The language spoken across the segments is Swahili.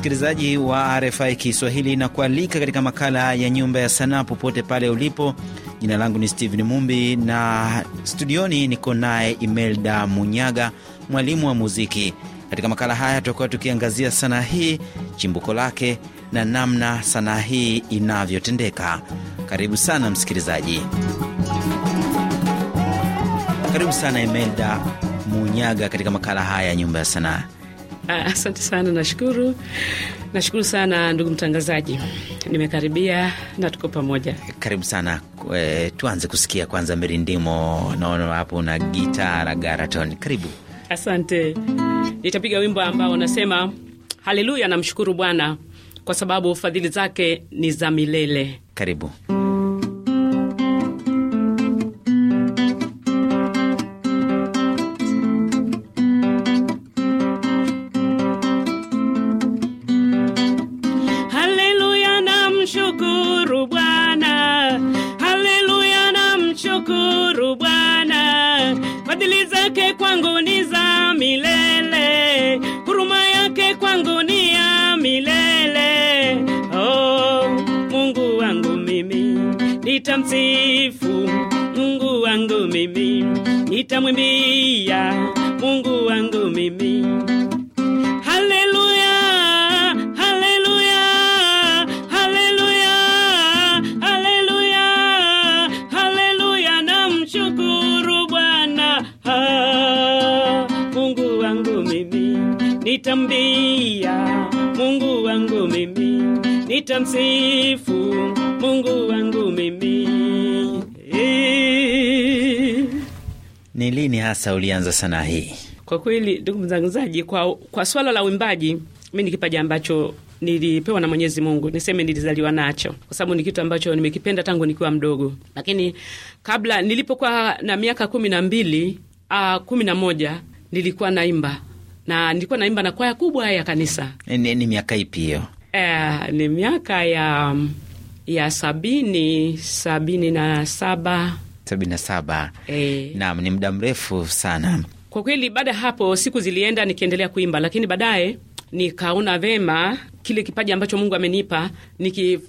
msikilizaji wa RFI Kiswahili na kualika katika makala ya Nyumba ya Sanaa popote pale ulipo. Jina langu ni Steven Mumbi na studioni niko naye Imelda Munyaga, mwalimu wa muziki. Katika makala haya tutakuwa tukiangazia sanaa hii, chimbuko lake na namna sanaa hii inavyotendeka. Karibu sana msikilizaji, karibu sana Imelda Munyaga katika makala haya ya Nyumba ya Sanaa. Ah, asante sana, nashukuru, nashukuru sana ndugu mtangazaji, nimekaribia na tuko pamoja. Karibu sana. E, tuanze kusikia kwanza Mirindimo. Naona hapo na gitara garaton, karibu. Asante, nitapiga wimbo ambao unasema haleluya, namshukuru Bwana kwa sababu fadhili zake ni za milele. Karibu. kwangu ni za milele, huruma yake kwangu ni ya milele. Oh, Mungu wangu mimi nitamsifu, Mungu wangu mimi nitamwimbia, Mungu wangu mimi nitambia Mungu wangu mimi, nitamsifu Mungu wangu mimi. Ni lini hasa ulianza sana hii? Kwa kweli, ndugu mzanguzaji, kwa, kwa swala la uimbaji, mi ni kipaji ambacho nilipewa na Mwenyezi Mungu, niseme nilizaliwa nacho, kwa sababu ni kitu ambacho nimekipenda tangu nikiwa mdogo. Lakini kabla nilipokuwa na miaka kumi na mbili ah, kumi na moja nilikuwa naimba na nilikuwa naimba na kwaya kubwa ya kanisa. Ni, ni miaka ipi hiyo? Eh, ni miaka ya ya sabini sabini na saba sabini na saba eh. Naam, ni muda mrefu sana kwa kweli. Baada ya hapo siku zilienda, nikiendelea kuimba, lakini baadaye nikaona vema kile kipaji ambacho Mungu amenipa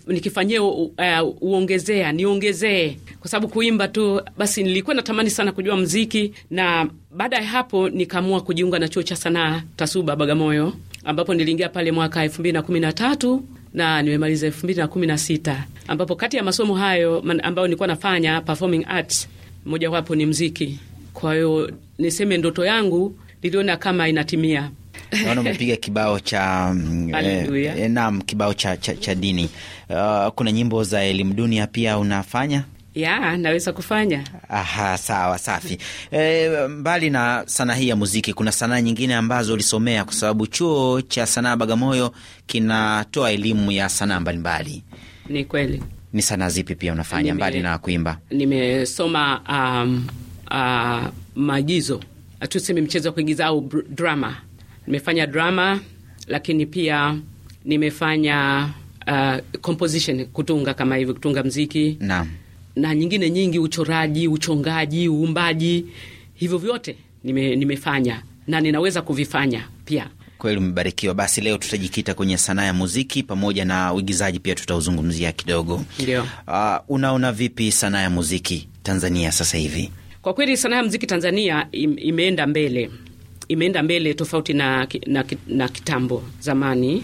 nikifanyie niki, uh, eh, uongezea niongezee, kwa sababu kuimba tu basi. Nilikuwa natamani sana kujua mziki, na baada ya hapo nikaamua kujiunga na chuo cha sanaa TASUBA Bagamoyo, ambapo niliingia pale mwaka elfu mbili na kumi na tatu na nimemaliza elfu mbili na kumi na sita ambapo kati ya masomo hayo ambayo nilikuwa nafanya performing arts, mojawapo ni mziki. Kwa hiyo niseme ndoto yangu niliona kama inatimia naona umepiga kibao cha mm, eh, eh nam kibao cha, cha, cha dini. Uh, kuna nyimbo za elimu dunia pia unafanya? Ya, naweza kufanya. Aha, sawa, safi. E, mbali na sanaa hii ya muziki, kuna sanaa nyingine ambazo ulisomea, kwa sababu chuo cha sanaa Bagamoyo kinatoa elimu ya sanaa mbalimbali. Ni kweli. Ni sanaa zipi pia unafanya nime, mbali na kuimba? Nimesoma um, uh, maagizo tuseme mchezo wa kuingiza au drama nimefanya drama, lakini pia nimefanya uh, composition, kutunga kama hivyo, kutunga mziki na, na nyingine nyingi, uchoraji, uchongaji, uumbaji, hivyo vyote nime, nimefanya na ninaweza kuvifanya pia. Kweli umebarikiwa. Basi leo tutajikita kwenye sanaa ya muziki pamoja na uigizaji pia tutauzungumzia kidogo. Uh, unaona vipi sanaa ya muziki Tanzania sasa hivi? Kwa kweli sanaa ya muziki Tanzania im, imeenda mbele imeenda mbele tofauti na, na, na kitambo zamani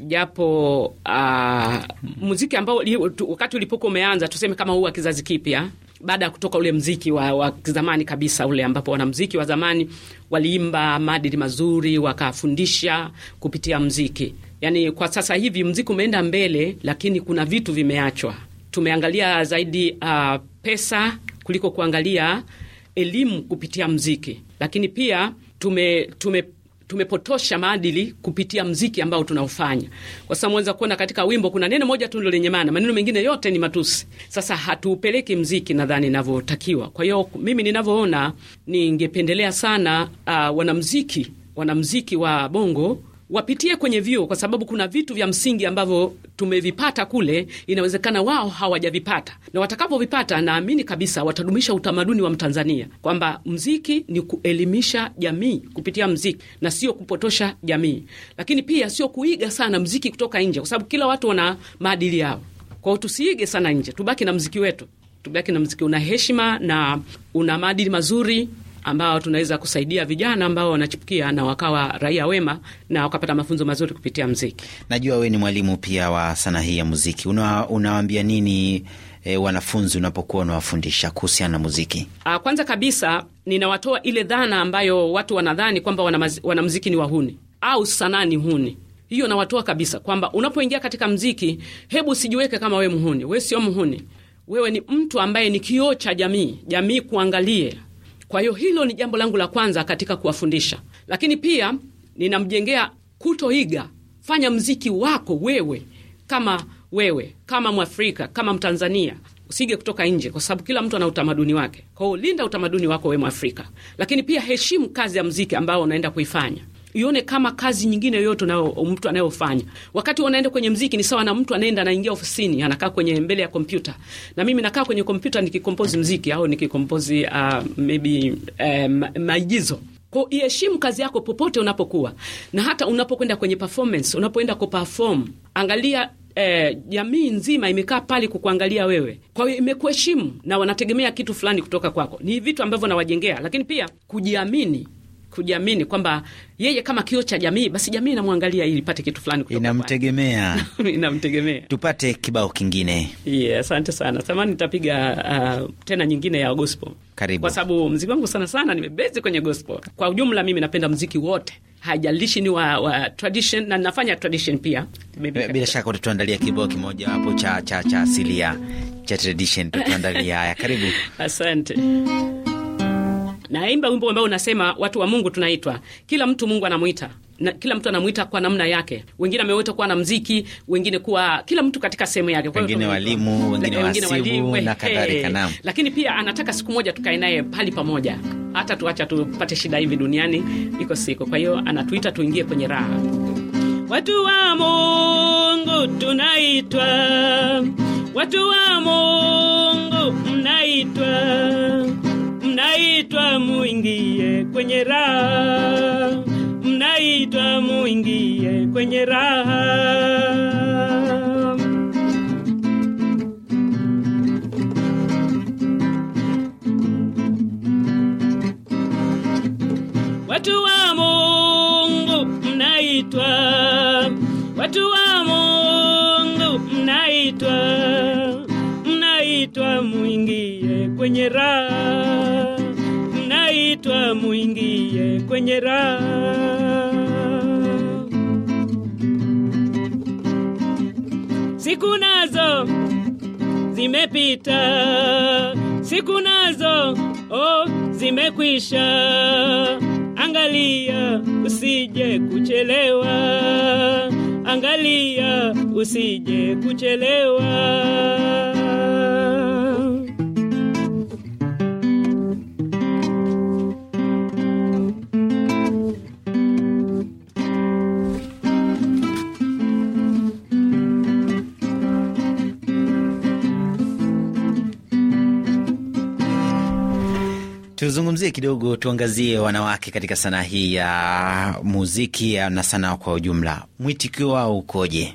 japo uh, muziki ambao li, tu, wakati ulipokuwa umeanza tuseme kama huu wa kizazi kipya baada ya kutoka ule mziki wa, wa zamani kabisa ule ambapo wanamziki wa zamani waliimba maadili mazuri wakafundisha kupitia mziki. Yani kwa sasa hivi mziki umeenda mbele, lakini kuna vitu vimeachwa. Tumeangalia zaidi uh, pesa kuliko kuangalia elimu kupitia mziki, lakini pia tume, tume tumepotosha maadili kupitia mziki ambao tunaofanya kwa sababu mwanza kuona katika wimbo kuna neno moja tu ndo lenye maana, maneno mengine yote ni matusi. Sasa hatuupeleki mziki nadhani inavyotakiwa. Kwa hiyo mimi ninavyoona, ningependelea sana uh, wanamziki wanamziki wa bongo wapitie kwenye vyuo, kwa sababu kuna vitu vya msingi ambavyo tumevipata kule, inawezekana wao hawajavipata, na watakavovipata naamini kabisa watadumisha utamaduni wa Mtanzania kwamba mziki ni kuelimisha jamii kupitia mziki na sio kupotosha jamii, lakini pia sio kuiga sana mziki kutoka nje, kwa sababu kila watu wana maadili yao. Kwao tusiige sana nje, tubaki na mziki wetu, tubaki na mziki una heshima na una maadili mazuri ambao tunaweza kusaidia vijana ambao wanachipukia na wakawa raia wema na wakapata mafunzo mazuri kupitia mziki. Najua wewe ni mwalimu pia wa sanaa hii ya muziki, unawaambia nini e, wanafunzi unapokuwa unawafundisha kuhusiana na muziki? A, ah, kwanza kabisa ninawatoa ile dhana ambayo watu wanadhani kwamba mziki ni wahuni au sanaa ni huni hiyo nawatoa kabisa, kwamba unapoingia katika mziki, hebu sijiweke kama we mhuni. We sio mhuni, wewe ni mtu ambaye ni kioo cha jamii, jamii kuangalie kwa hiyo hilo ni jambo langu la kwanza katika kuwafundisha, lakini pia ninamjengea kutoiga. Fanya mziki wako wewe, kama wewe, kama Mwafrika, kama Mtanzania. Usige kutoka nje, kwa sababu kila mtu ana utamaduni wake. Kwa hiyo linda utamaduni wako wewe Mwafrika, lakini pia heshimu kazi ya mziki ambao unaenda kuifanya ione kama kazi nyingine yoyote na mtu anayofanya. Wakati unaenda kwenye mziki ni sawa na mtu anaenda anaingia ofisini anakaa kwenye mbele ya kompyuta, na mimi nakaa kwenye kompyuta nikikompozi mziki au nikikompozi uh, maybe uh, maigizo kwa iheshimu kazi yako popote unapokuwa na hata unapokwenda kwenye performance, unapoenda kuperform, angalia eh, jamii eh, nzima imekaa pale kukuangalia wewe. Kwa hiyo imekuheshimu na wanategemea kitu fulani kutoka kwako. Ni vitu ambavyo nawajengea, lakini pia kujiamini kujiamini kwamba yeye kama kio cha jamii, basi jamii inamwangalia ili ipate kitu fulani kutoka inamtegemea inamtegemea. Tupate kibao kingine. Yeah, asante sana samani, nitapiga uh, tena nyingine ya gospel. Karibu. Kwa sababu mziki wangu sana sana nimebezi kwenye gospel. Kwa ujumla mimi napenda mziki wote haijalishi ni wa, wa tradition na nafanya tradition pia. Bila shaka utatuandalia kibao kimoja hapo cha, cha, cha asilia cha tradition, tutaandalia haya. Karibu, asante naimba wimbo ambao unasema watu wa Mungu tunaitwa, kila mtu Mungu anamwita na kila mtu anamwita kwa namna yake. Wengine amewita kuwa na mziki, wengine kuwa kila mtu katika sehemu yake, wengine walimu, wengine wasibu na eh. kadhalika. lakini pia anataka siku moja tukae naye pali pamoja, hata tuacha tupate shida hivi duniani iko siku. Kwa hiyo anatuita tuingie kwenye raha. Watu wa Mungu tunaitwa, watu wa Mungu mnaitwa mnaitwa muingie kwenye raha, mnaitwa muingie kwenye raha. Watu wa Mungu mnaitwa, watu wa Mungu mnaitwa, mnaitwa muingie kwenye raha. kwenye raha. Siku nazo zimepita, siku nazo oh, zimekwisha. Angalia usije kuchelewa, angalia usije kuchelewa. Tuzungumzie kidogo, tuangazie wanawake katika sanaa hii ya muziki na sanaa kwa ujumla, mwitikio wao ukoje?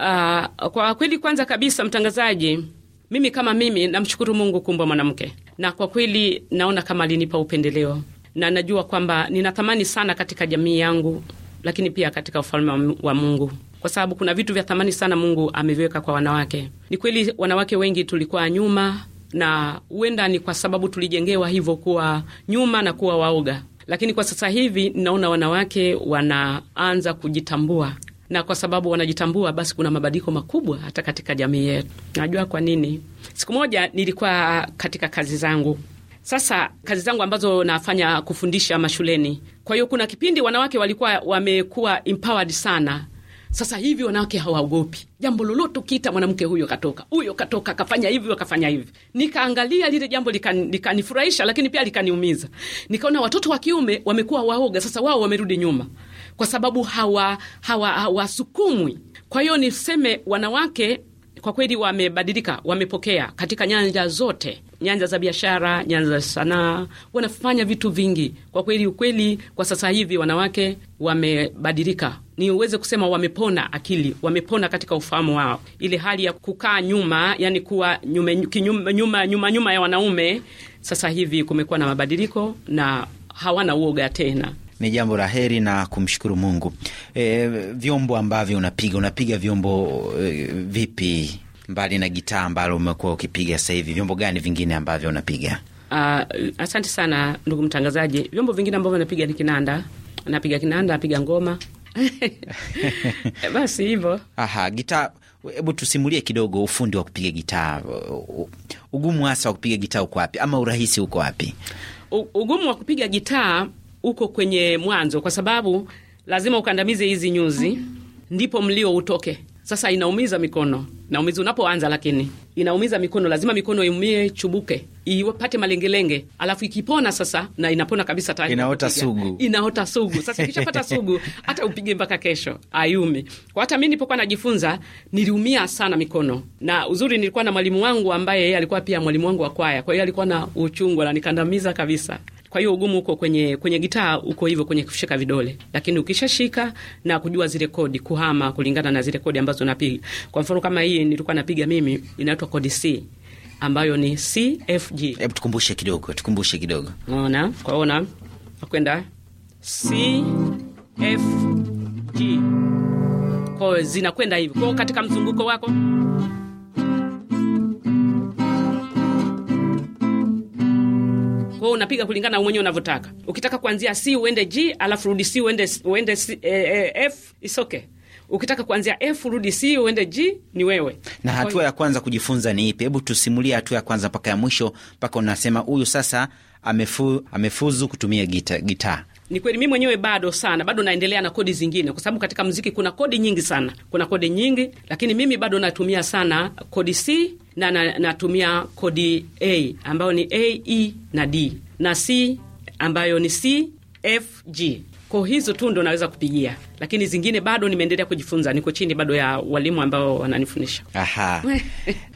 Uh, kwa kweli, kwanza kabisa, mtangazaji, mimi kama mimi namshukuru Mungu kumbwa mwanamke, na kwa kweli naona kama alinipa upendeleo na najua kwamba nina thamani sana katika jamii yangu, lakini pia katika ufalme wa Mungu, kwa sababu kuna vitu vya thamani sana Mungu ameviweka kwa wanawake. Ni kweli wanawake wengi tulikuwa nyuma na huenda ni kwa sababu tulijengewa hivyo kuwa nyuma na kuwa waoga, lakini kwa sasa hivi naona wanawake wanaanza kujitambua na kwa sababu wanajitambua, basi kuna mabadiliko makubwa hata katika jamii yetu. Najua kwa nini. Siku moja nilikuwa katika kazi zangu, sasa kazi zangu ambazo nafanya kufundisha mashuleni. Kwa hiyo kuna kipindi wanawake walikuwa wamekuwa empowered sana sasa hivi wanawake hawaogopi jambo lolote. Ukiita mwanamke huyo katoka, huyo katoka, akafanya hivi, akafanya hivi. Nikaangalia lile jambo likanifurahisha, lika lakini pia likaniumiza. Nikaona watoto wa kiume wamekuwa waoga, sasa wao wamerudi nyuma kwa sababu hawasukumwi hawa, hawa. Kwa hiyo niseme wanawake kwa kweli wamebadilika, wamepokea katika nyanja zote, nyanja za biashara, nyanja za sanaa, wanafanya vitu vingi kwa kweli. Ukweli kwa sasa hivi wanawake wamebadilika, uweze kusema wamepona akili, wamepona katika ufahamu wao. Ile hali ya kukaa nyuma, yani kuwa nyumanyuma kinyuma, nyuma, nyuma, nyuma ya wanaume, sasa hivi kumekuwa na mabadiliko na hawana uoga tena ni jambo la heri na kumshukuru Mungu. E, vyombo ambavyo unapiga unapiga vyombo e, vipi mbali na gitaa ambalo umekuwa ukipiga sasa hivi, vyombo gani vingine ambavyo unapiga? Uh, asante sana ndugu mtangazaji. Vyombo vingine ambavyo napiga ni kinanda, napiga kinanda, napiga ngoma basi hivyo. Aha, gitaa. Hebu tusimulie kidogo ufundi wa kupiga gitaa, ugumu hasa wa kupiga gitaa uko wapi, ama urahisi uko wapi? Ugumu wa kupiga gitaa uko kwenye mwanzo, kwa sababu lazima ukandamize hizi nyuzi ndipo mlio utoke. Sasa inaumiza mikono, naumiza unapoanza, lakini inaumiza mikono, lazima mikono iumie, chubuke, ipate malengelenge, alafu ikipona sasa, na inapona kabisa, tayari inaota sugu, inaota sugu. Sasa ikishapata sugu, hata upige mpaka kesho ayumi. Kwa hata mi nilipokuwa najifunza niliumia sana mikono, na uzuri nilikuwa na mwalimu wangu ambaye yeye alikuwa pia mwalimu wangu wa kwaya, kwa hiyo alikuwa na uchungu, ananikandamiza kabisa. Kwa hiyo ugumu uko kwenye, kwenye gitaa uko hivyo kwenye kushika vidole, lakini ukishashika na kujua zile kodi, kuhama kulingana na zile kodi ambazo unapiga. Kwa mfano kama hii nilikuwa napiga mimi, inaitwa kodi C ambayo ni CFG. Hebu tukumbushe kidogo, tukumbushe kidogo. Unaona, kwa ona nakwenda CFG, kwa zinakwenda hivyo kwa katika mzunguko wako Kwa hiyo unapiga kulingana mwenyewe unavyotaka. Ukitaka kuanzia C uende G, alafu rudi C uende uende C, eh, eh, F is okay. Ukitaka kuanzia F rudi C uende G ni wewe. Na hatua kwa ya kwanza kujifunza ni ipi? Hebu tusimulie hatua ya kwanza mpaka ya mwisho, mpaka unasema huyu sasa amefu, amefuzu kutumia gitaa gita. Ni kweli mi mwenyewe bado sana, bado naendelea na kodi zingine, kwa sababu katika mziki kuna kodi nyingi sana, kuna kodi nyingi, lakini mimi bado natumia sana kodi C na, na natumia kodi A ambayo ni A, E na D na C ambayo ni C, F, G. hizo tu ndo naweza kupigia, lakini zingine bado nimeendelea kujifunza, niko chini bado ya walimu ambao wananifundisha.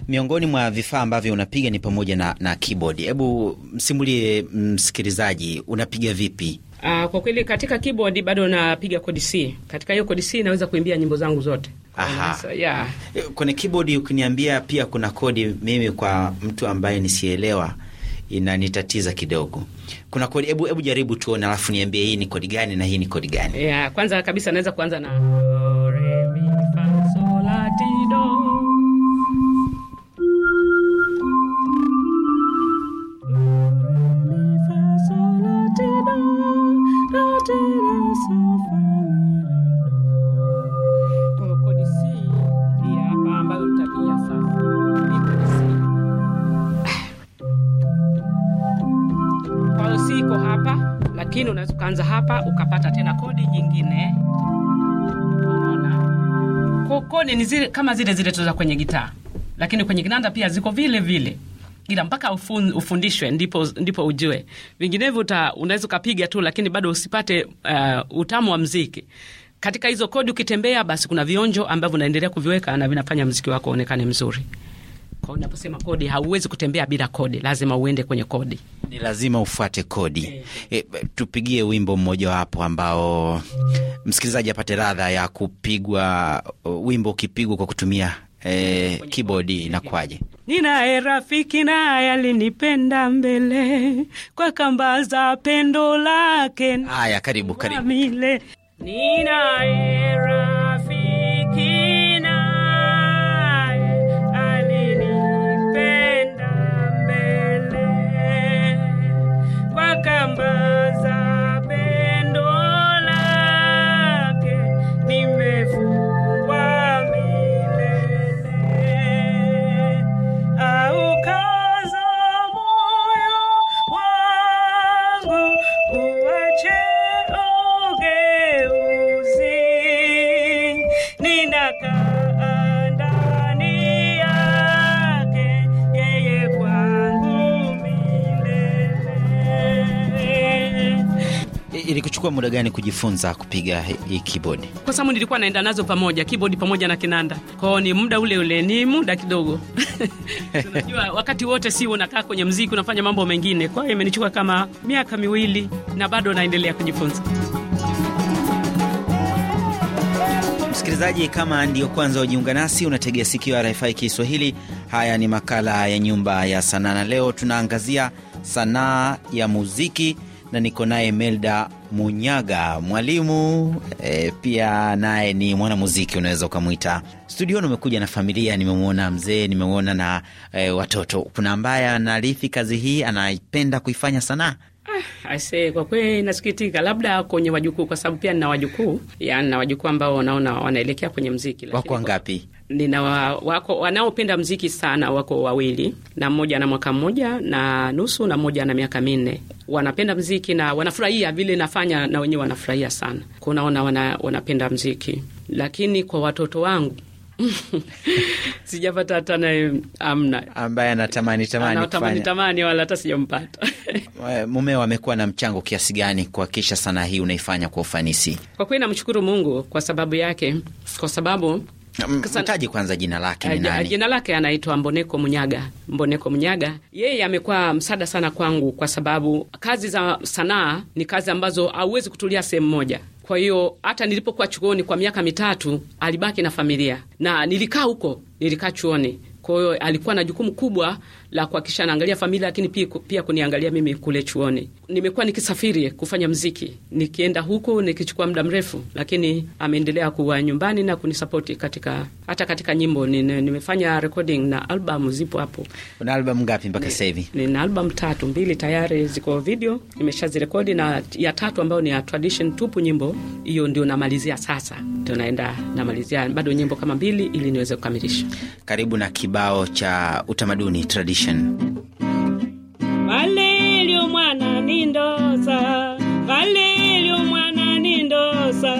Miongoni mwa vifaa ambavyo unapiga ni pamoja na, na Hebu msimulie msikilizaji, unapiga vipi? Uh, kwa kweli katika keyboard bado napiga kodi C. Katika hiyo kodi C naweza kuimbia nyimbo zangu zote. Aha. So, yeah. Eh, kwenye keyboard ukiniambia pia kuna kodi, mimi kwa mtu ambaye nisielewa inanitatiza kidogo. Kuna kodi, hebu hebu jaribu tuone, alafu niambie hii ni kodi gani na hii ni kodi gani? Yeah, kwanza kabisa naweza kuanza na lakini unaweza ukaanza hapa ukapata tena kodi nyingine. Unaona, ni zile kama zile zile tuza kwenye gitaa, lakini kwenye kinanda pia ziko vile vile, ila mpaka ufun, ufundishwe ndipo, ndipo ujue. Vinginevyo unaweza ukapiga tu, lakini bado usipate uh, utamu wa mziki katika hizo kodi. Ukitembea basi kuna vionjo ambavyo unaendelea kuviweka na vinafanya mziki wako uonekane mzuri hapa unaposema kodi, hauwezi kutembea bila kodi, lazima uende kwenye kodi, ni lazima ufuate kodi e. E, tupigie wimbo mmojawapo ambao msikilizaji apate radha ya kupigwa. Wimbo ukipigwa kwa kutumia eh, e, kibodi inakuwaje? Ninaye rafiki naye alinipenda mbele kwa kamba za pendo lake. Haya, karibu karibu. Ninaye rafiki remember. muda gani kujifunza kupiga hii keyboard? Kwa sababu nilikuwa naenda nazo pamoja, keyboard pamoja na kinanda, kwao ni muda ule ule, ni muda kidogo unajua wakati wote si unakaa kwenye mziki unafanya mambo mengine. Kwa hiyo imenichukua kama miaka miwili na bado naendelea kujifunza. Msikilizaji, kama ndiyo kwanza ujiunga nasi, unategea sikio RFI Kiswahili. Haya ni makala ya Nyumba ya Sanaa, na leo tunaangazia sanaa ya muziki na niko naye Melda Munyaga, mwalimu e, pia naye ni mwanamuziki, unaweza ukamwita. Studioni umekuja na familia, nimemwona mzee, nimemwona na e, watoto. Kuna ambaye anarithi kazi hii, anaipenda kuifanya sanaa? Ah, kwa kweli nasikitika, labda kwenye wajukuu, kwa sababu pia nina wajukuu, yaani na wajukuu ambao wanaona wanaelekea kwenye mziki. Wako wangapi? nina wa, wako wanaopenda mziki sana, wako wawili, na mmoja na mwaka mmoja na nusu na mmoja na miaka minne. Wanapenda mziki na wanafurahia vile nafanya, na wenyewe wanafurahia sana, kunaona wana, wanapenda mziki. Lakini kwa watoto wangu sijapata hata naye amna ambaye anatamani tamani tamani tamani, wala hata sijampata. Mumeo amekuwa na mchango kiasi gani kuhakikisha sanaa hii unaifanya kwa ufanisi? Kwa kweli namshukuru Mungu kwa sababu yake, kwa sababu Mtaji kwanza jina lake ni eh, nani? Jina lake anaitwa Mboneko Munyaga. Mboneko Munyaga yeye amekuwa msaada sana kwangu, kwa sababu kazi za sanaa ni kazi ambazo hauwezi kutulia sehemu moja. Kwa hiyo hata nilipokuwa chuoni kwa miaka mitatu, alibaki na familia na nilikaa huko, nilikaa chuoni. Kwa hiyo alikuwa na jukumu kubwa la kuhakikisha naangalia familia, lakini pia, pia kuniangalia mimi kule chuoni. Nimekuwa nikisafiri kufanya mziki, nikienda huku nikichukua muda mrefu, lakini ameendelea kuwa nyumbani na kunisapoti katika hata katika nyimbo. Nimefanya recording na albamu zipo hapo. Una albamu ngapi mpaka sasa hivi? Nina albamu tatu, mbili tayari ziko video nimeshazirekodi, na ya tatu ambayo ni ya tradition tupu nyimbo, hiyo ndio namalizia sasa, tunaenda namalizia bado nyimbo kama mbili ili niweze kukamilisha. Karibu na kibao cha utamaduni tradition Edition. Valerio mwana nindosa, Valerio mwana nindosa,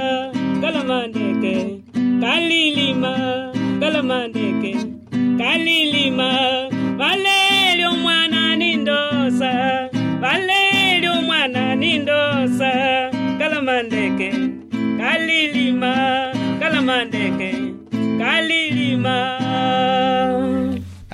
kalamandeke, kalilima, kalamandeke, kalilima, Valerio mwana nindosa, Valerio mwana nindosa, kalamandeke, kalilima, kalamandeke, kalilima.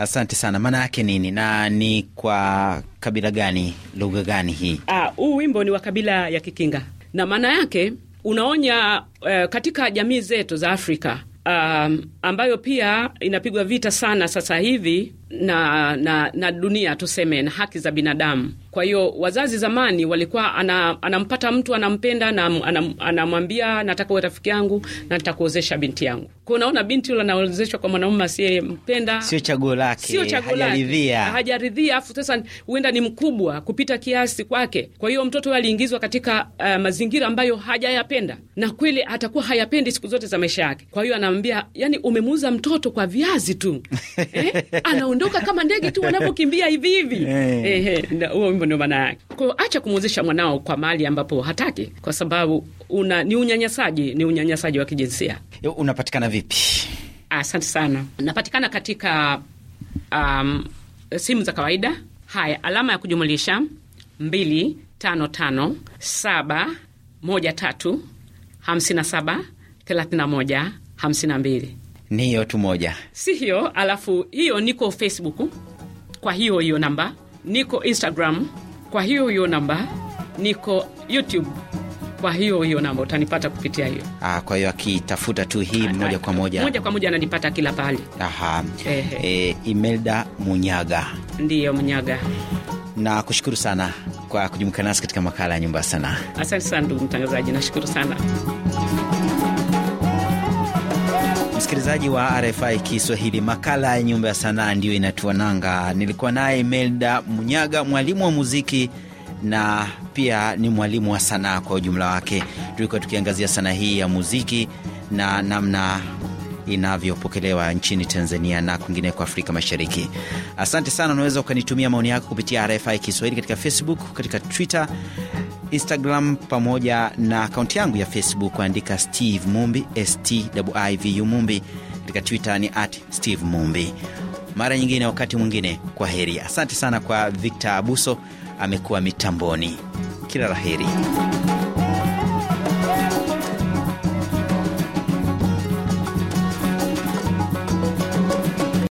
Asante sana. maana yake nini na ni kwa kabila gani, lugha gani hii? Ah, huu wimbo ni wa kabila ya Kikinga na maana yake unaonya uh, katika jamii zetu za Afrika um, ambayo pia inapigwa vita sana sasa hivi na, na, na dunia tuseme, na haki za binadamu. Kwa hiyo wazazi zamani walikuwa ana, anampata mtu anampenda na anam, anamwambia nataka uwe rafiki yangu na nitakuozesha binti yangu. Kwa unaona binti yule anaozeshwa kwa mwanaume asiyempenda, sio chaguo lake, sio chaguo lake, hajaridhia, Afu sasa huenda ni mkubwa kupita kiasi kwake, kwa hiyo mtoto huyo aliingizwa katika uh, mazingira ambayo hajayapenda, na kweli atakuwa hayapendi siku zote za maisha yake. Kwa hiyo anaambia, yani umemuuza mtoto kwa viazi tu eh? wanadondoka kama ndege tu wanavyokimbia hivi hivi. Ehe, huo wimbo ndio maana yake. Kwa acha kumwezesha mwanao kwa mali ambapo hataki, kwa sababu una, ni unyanyasaji, ni unyanyasaji wa kijinsia. Unapatikana vipi? Asante sana. Napatikana katika um, simu za kawaida. Haya, alama ya kujumulisha mbili tano tano saba moja tatu hamsini saba thelathini moja hamsini mbili. Ni hiyo tu moja, si hiyo. Alafu hiyo niko Facebook kwa hiyo hiyo namba, niko Instagram kwa hiyo hiyo namba, niko YouTube kwa hiyo hiyo namba, utanipata kupitia hiyo. Ah, kwa hiyo akitafuta tu hii moja kwa moja moja kwa moja ananipata kila pahali. Aha. E, Imelda Munyaga ndiyo Munyaga, na kushukuru sana kwa kujumuika nasi katika makala ya Nyumba sana Asante sana ndugu mtangazaji, nashukuru sana msikilizaji wa RFI Kiswahili, makala ya Nyumba ya Sanaa ndiyo inatuananga. Nilikuwa naye melda Munyaga, mwalimu wa muziki na pia ni mwalimu wa sanaa kwa ujumla wake. Tulikuwa tukiangazia sanaa hii ya muziki na namna inavyopokelewa nchini Tanzania na kwingineko Afrika Mashariki. Asante sana. Unaweza ukanitumia maoni yako kupitia RFI Kiswahili katika Facebook, katika Twitter Instagram pamoja na akaunti yangu ya Facebook kuandika Steve Mumbi, Stivu Mumbi. Katika Twitter ni at Steve Mumbi. Mara nyingine, wakati mwingine, kwa heri. Asante sana kwa Victor Abuso, amekuwa mitamboni. Kila la heri.